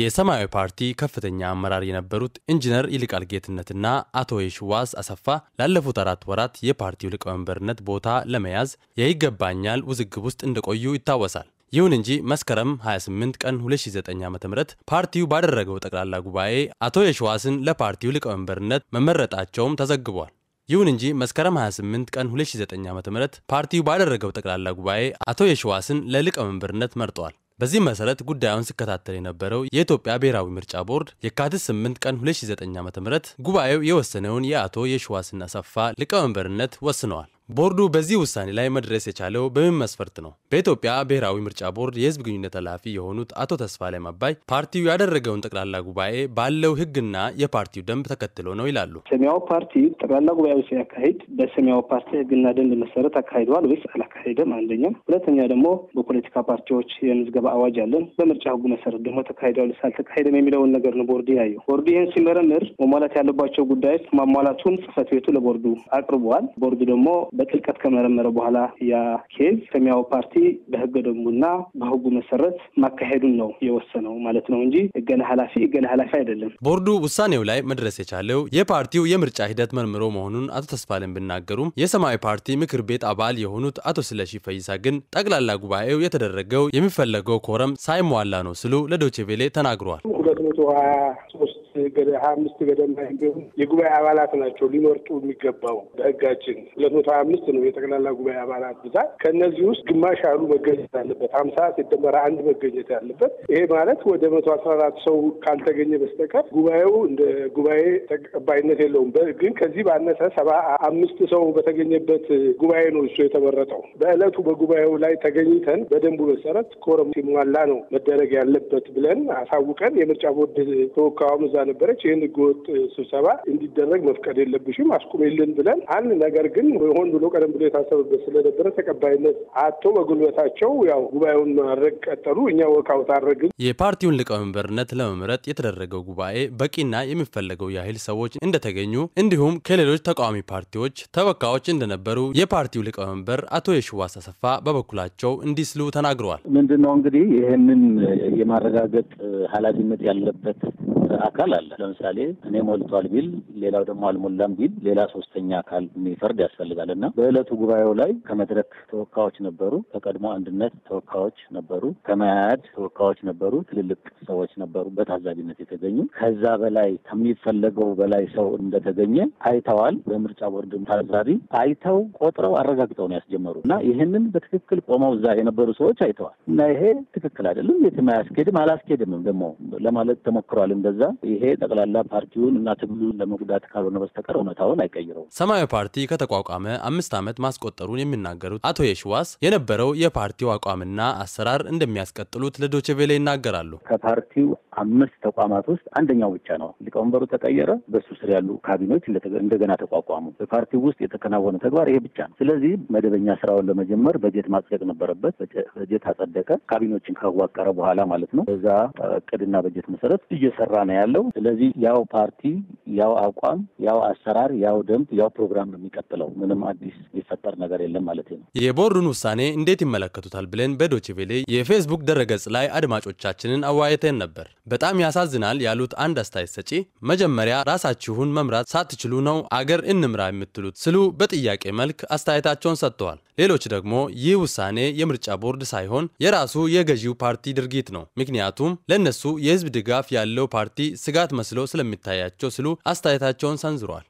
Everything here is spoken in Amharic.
የሰማያዊ ፓርቲ ከፍተኛ አመራር የነበሩት ኢንጂነር ይልቃል ጌትነትና አቶ የሽዋስ አሰፋ ላለፉት አራት ወራት የፓርቲው ሊቀመንበርነት ቦታ ለመያዝ የይገባኛል ውዝግብ ውስጥ እንደቆዩ ይታወሳል። ይሁን እንጂ መስከረም 28 ቀን 2009 ዓ ም ፓርቲው ባደረገው ጠቅላላ ጉባኤ አቶ የሽዋስን ለፓርቲው ሊቀመንበርነት መመረጣቸውም ተዘግቧል። ይሁን እንጂ መስከረም 28 ቀን 2009 ዓ ም ፓርቲው ባደረገው ጠቅላላ ጉባኤ አቶ የሽዋስን ለሊቀመንበርነት መርጧል። በዚህ መሰረት ጉዳዩን ሲከታተል የነበረው የኢትዮጵያ ብሔራዊ ምርጫ ቦርድ የካቲት 8 ቀን 2009 ዓ.ም ጉባኤው የወሰነውን የአቶ የሺዋስ አሰፋ ሊቀመንበርነት ወስነዋል። ቦርዱ በዚህ ውሳኔ ላይ መድረስ የቻለው በምን መስፈርት ነው? በኢትዮጵያ ብሔራዊ ምርጫ ቦርድ የህዝብ ግንኙነት ኃላፊ የሆኑት አቶ ተስፋለም አባይ ፓርቲው ያደረገውን ጠቅላላ ጉባኤ ባለው ህግና የፓርቲው ደንብ ተከትሎ ነው ይላሉ። ሰማያዊ ፓርቲ ጠቅላላ ጉባኤው ሲያካሂድ በሰማያዊ ፓርቲ ህግና ደንብ መሰረት አካሂደዋል ወይስ አላካሄደም? አንደኛም። ሁለተኛ ደግሞ በፖለቲካ ፓርቲዎች የምዝገባ አዋጅ አለን። በምርጫ ህጉ መሰረት ደግሞ ተካሂደዋል አልተካሄደም የሚለውን ነገር ነው ቦርዱ ያየው። ቦርዱ ይህን ሲመረምር መሟላት ያለባቸው ጉዳዮች ማሟላቱን ጽህፈት ቤቱ ለቦርዱ አቅርበዋል። ቦርዱ ደግሞ በጥልቀት ከመረመረ በኋላ ያ ኬዝ ሰማያዊ ፓርቲ በህገ ደንቡና በህጉ መሰረት ማካሄዱን ነው የወሰነው ማለት ነው እንጂ እገለ ኃላፊ እገለ ኃላፊ አይደለም። ቦርዱ ውሳኔው ላይ መድረስ የቻለው የፓርቲው የምርጫ ሂደት መርምሮ መሆኑን አቶ ተስፋለን ቢናገሩም የሰማያዊ ፓርቲ ምክር ቤት አባል የሆኑት አቶ ስለሺ ፈይሳ ግን ጠቅላላ ጉባኤው የተደረገው የሚፈለገው ኮረም ሳይሟላ ነው ሲሉ ለዶቼ ቬሌ ሁለት መቶ ሀያ ሶስት ገደ ሀያ አምስት ገደማ የሚሆኑ የጉባኤ አባላት ናቸው ሊመርጡ የሚገባው በህጋችን ሁለት መቶ ሀያ አምስት ነው የጠቅላላ ጉባኤ አባላት ብዛት። ከእነዚህ ውስጥ ግማሽ ያሉ መገኘት አለበት። ሀምሳ ሲደመር አንድ መገኘት ያለበት። ይሄ ማለት ወደ መቶ አስራ አራት ሰው ካልተገኘ በስተቀር ጉባኤው እንደ ጉባኤ ተቀባይነት የለውም። ግን ከዚህ ባነሰ ሰባ አምስት ሰው በተገኘበት ጉባኤ ነው እሱ የተመረጠው። በእለቱ በጉባኤው ላይ ተገኝተን በደንቡ መሰረት ኮረም ሲሟላ ነው መደረግ ያለበት ብለን አሳውቀን የምርጫ ቦርድ ተወካዩም እዛ ነበረች። ይህን ህገወጥ ስብሰባ እንዲደረግ መፍቀድ የለብሽም አስቁሜልን ብለን አንድ ነገር ግን ሆን ብሎ ቀደም ብሎ የታሰበበት ስለነበረ ተቀባይነት አቶ በጉልበታቸው ያው ጉባኤውን ማድረግ ቀጠሉ። እኛ ወካውት አድረግን። የፓርቲውን ሊቀመንበርነት ለመምረጥ የተደረገው ጉባኤ በቂና የሚፈለገው ያህል ሰዎች እንደተገኙ እንዲሁም ከሌሎች ተቃዋሚ ፓርቲዎች ተወካዮች እንደነበሩ የፓርቲው ሊቀመንበር አቶ የሽዋስ አሰፋ በበኩላቸው እንዲህ ሲሉ ተናግረዋል። ምንድን ነው እንግዲህ ይህንን የማረጋገጥ ኃላፊነት ያለበት አካል አለ። ለምሳሌ እኔ ሞልቷል ቢል፣ ሌላው ደግሞ አልሞላም ቢል ሌላ ሶስተኛ አካል የሚፈርድ ያስፈልጋል እና በዕለቱ ጉባኤው ላይ ከመድረክ ተወካዮች ነበሩ፣ ከቀድሞ አንድነት ተወካዮች ነበሩ፣ ከመያድ ተወካዮች ነበሩ፣ ትልልቅ ሰዎች ነበሩ በታዛቢነት የተገኙ። ከዛ በላይ ከሚፈለገው በላይ ሰው እንደተገኘ አይተዋል። በምርጫ ቦርድ ታዛቢ አይተው ቆጥረው አረጋግጠው ነው ያስጀመሩ እና ይህንን በትክክል ቆመው እዛ የነበሩ ሰዎች አይተዋል እና ይሄ ትክክል አይደለም፣ የትም አያስኬድም አላስኬድምም ደግሞ ለማለት ተሞክሯል። እንደ ከዛ ይሄ ጠቅላላ ፓርቲውን እና ትግሉን ለመጉዳት ካልሆነ በስተቀር እውነታውን አይቀይረውም። ሰማያዊ ፓርቲ ከተቋቋመ አምስት ዓመት ማስቆጠሩን የሚናገሩት አቶ የሽዋስ የነበረው የፓርቲው አቋምና አሰራር እንደሚያስቀጥሉት ለዶችቬሌ ይናገራሉ። ከፓርቲው አምስት ተቋማት ውስጥ አንደኛው ብቻ ነው። ሊቀመንበሩ ተቀየረ፣ በሱ ስር ያሉ ካቢኔዎች እንደገና ተቋቋሙ። በፓርቲው ውስጥ የተከናወነ ተግባር ይሄ ብቻ ነው። ስለዚህ መደበኛ ስራውን ለመጀመር በጀት ማጽደቅ ነበረበት። በጀት አጸደቀ። ካቢኔዎችን ካዋቀረ በኋላ ማለት ነው። በዛ እቅድና በጀት መሰረት እየሰራ ነው ያለው። ስለዚህ ያው ፓርቲ፣ ያው አቋም፣ ያው አሰራር፣ ያው ደንብ፣ ያው ፕሮግራም ነው የሚቀጥለው። ምንም አዲስ ሊፈጠር ነገር የለም ማለት ነው። የቦርዱን ውሳኔ እንዴት ይመለከቱታል ብለን በዶችቬሌ የፌስቡክ ድረገጽ ላይ አድማጮቻችንን አወያይተን ነበር። በጣም ያሳዝናል ያሉት አንድ አስተያየት ሰጪ መጀመሪያ ራሳችሁን መምራት ሳትችሉ ነው አገር እንምራ የምትሉት ስሉ በጥያቄ መልክ አስተያየታቸውን ሰጥተዋል። ሌሎች ደግሞ ይህ ውሳኔ የምርጫ ቦርድ ሳይሆን የራሱ የገዢው ፓርቲ ድርጊት ነው፣ ምክንያቱም ለእነሱ የህዝብ ድጋፍ ያለው ፓርቲ ስጋት መስሎ ስለሚታያቸው ሲሉ አስተያየታቸውን ሰንዝሯል።